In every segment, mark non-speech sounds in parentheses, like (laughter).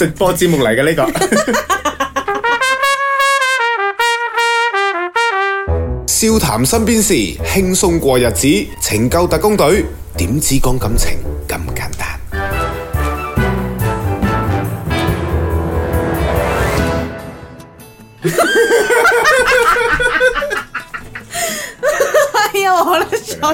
直播節目嚟嘅呢個，笑談身邊事，輕鬆過日子，情救特工隊，點知講感情。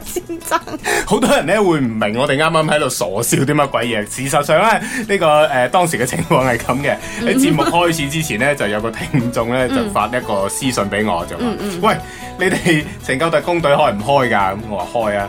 戰爭，好多人咧，會唔明我哋啱啱喺度傻笑啲乜鬼嘢，事實上咧呢、這個誒、呃、當時嘅情況係咁嘅。喺節 (laughs) 目開始之前咧就有個聽眾咧就發一個私信俾我，就話：喂，你哋情救特工隊開唔開㗎？咁我話開啊。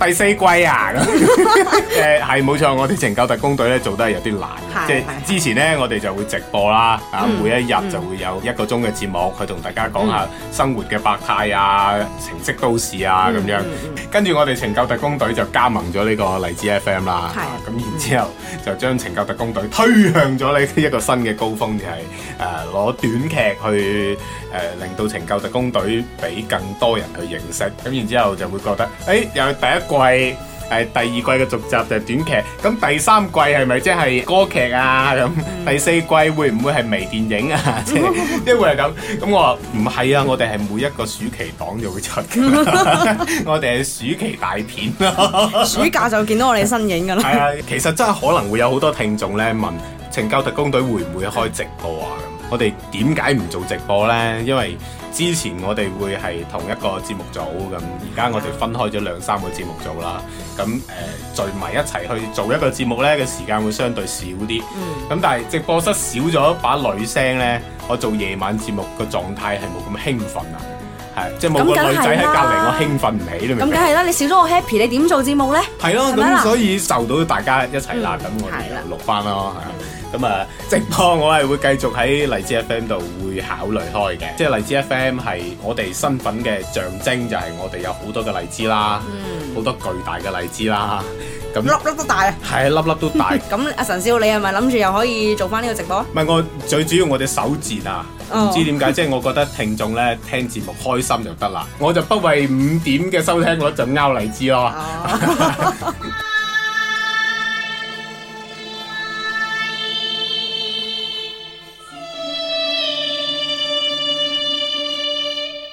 第四季啊，咁誒，係， (laughs) (laughs) 冇錯，我哋情救特工隊咧做得係有啲難，即係是的 之前咧是的 我哋就會直播啦，啊、嗯、每一日就會有一個鐘嘅節目、嗯、去同大家講下生活嘅百態啊、情色都市啊咁、嗯、樣，嗯嗯跟住我哋情救特工隊就加盟咗呢個荔枝 FM 啦，咁是的、啊、然之後就將情救特工隊推向咗呢一個新嘅高峰，就係誒攞短劇去誒、呃、令到情救特工隊俾更多人去認識，咁然之後就會覺得誒、欸、又第一。季係第二季嘅續集就係短劇，咁第三季係咪即係歌劇啊？咁第四季會唔會係微電影啊？即係即係會係咁？咁、hmm. (laughs) 我話唔係啊，我哋係每一個暑期檔就會出， (laughs) 我哋係暑期大片 (laughs) 暑假就見到我哋身影噶啦。係 (laughs) 啊，其實真係可能會有好多聽眾咧問：情救特工隊會唔會開直播啊？咁我哋點解唔做直播呢？因為之前我哋會係同一個節目組，咁，而家我哋分開咗兩三個節目組啦。咁誒、呃、聚埋一齊去做一個節目咧嘅時間會相對少啲。咁、嗯、但係直播室少咗把女聲咧，我做夜晚節目個狀態係冇咁興奮啊。係即係冇個女仔喺隔籬我興奮唔起啦，都明咁梗係啦，你少咗我 happy，你點做節目咧？係咯、啊，咁、啊、所以受到大家一齊啦，咁、嗯、我錄翻咯。係咁啊，直播我係會繼續喺荔枝 FM 度。會考慮開嘅，即係荔枝 FM 係我哋身份嘅象徵，就係、是、我哋有好多嘅荔枝啦，好、嗯、多巨大嘅荔枝啦，咁、嗯、樣粒粒都大啊，係啊粒粒都大。咁 (laughs) 阿神少，你係咪諗住又可以做翻呢個直播？唔係我最主要我哋手賤啊，唔知點解，即係、oh. 我覺得聽眾咧聽節目開心就得啦，我就不為五點嘅收聽率就拗荔枝咯。Oh. (laughs) (laughs)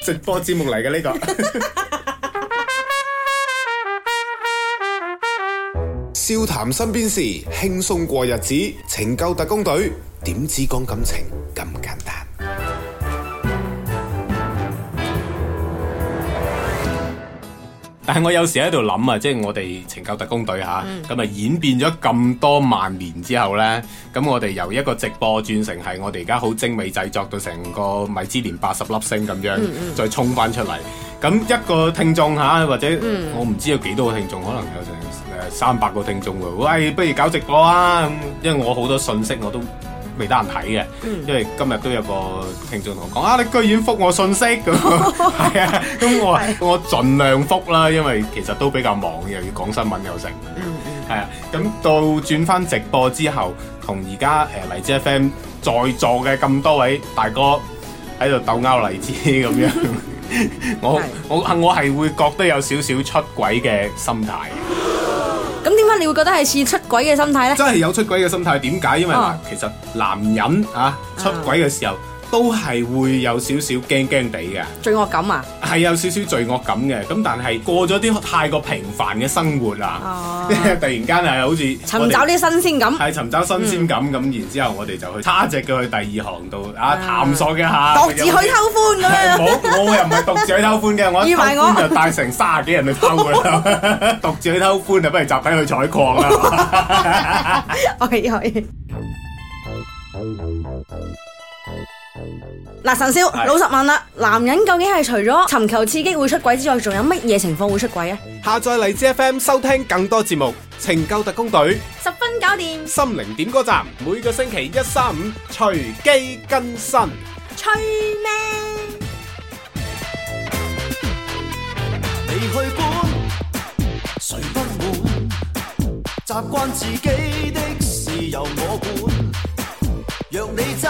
直播節目嚟嘅呢個，， (laughs) 笑談身邊事，輕鬆過日子，情救特工隊，點知講感情？但係我有時喺度諗啊，即係我哋情救特工隊嚇，咁啊、嗯、演變咗咁多萬年之後呢，咁我哋由一個直播轉成係我哋而家好精美製作到成個米芝蓮八十粒星咁樣，嗯嗯再衝翻出嚟。咁一個聽眾嚇，或者我唔知道幾多個聽眾，嗯、可能有成三百個聽眾喎。喂，不如搞直播啊！因為我好多信息我都。未得閒睇嘅，因為今日都有個聽眾同我講啊，你居然復我信息咁，係 (laughs) 啊， (laughs) 咁我我儘量復啦，因為其實都比較忙，又要講新聞又成，係啊，咁、嗯嗯、到轉翻直播之後，同而家誒荔枝 FM 在座嘅咁多位大哥喺度鬥拗荔枝。咁 (laughs) 樣 (laughs) 我的，我我我係會覺得有少少出軌嘅心態。你會覺得係似出軌嘅心態咧？真係有出軌嘅心態，點解？因為話其實男人、oh. 啊出軌嘅時候。都係會有少少驚驚地嘅罪惡感啊！係有少少罪惡感嘅，咁但係過咗啲太過平凡嘅生活啦，啊、突然間係好似尋找啲新鮮感，係尋找新鮮感咁，然之後，後我哋就去叉隻腳去第二行度啊，探索一下。獨、嗯、自，偷、啊哎、自偷偷去，偷去偷歡咁啊！我我又唔係獨自去偷歡嘅，我咁就帶成卅幾人去偷嘅啦。獨自去偷歡就不如集體去採礦啦。好嘅、okay, okay，好嘅。嗱，神少，是的 老實問啦，男人究竟係除咗尋求刺激會出軌之外，仲有乜嘢情況會出軌啊？下載荔枝 FM 收聽更多節目，《情救特工隊》，十分搞掂，《心靈點歌站》，每個星期一、三、五隨機更新。吹咩命？你去管，誰不滿？習慣自己的事由我管，若你走。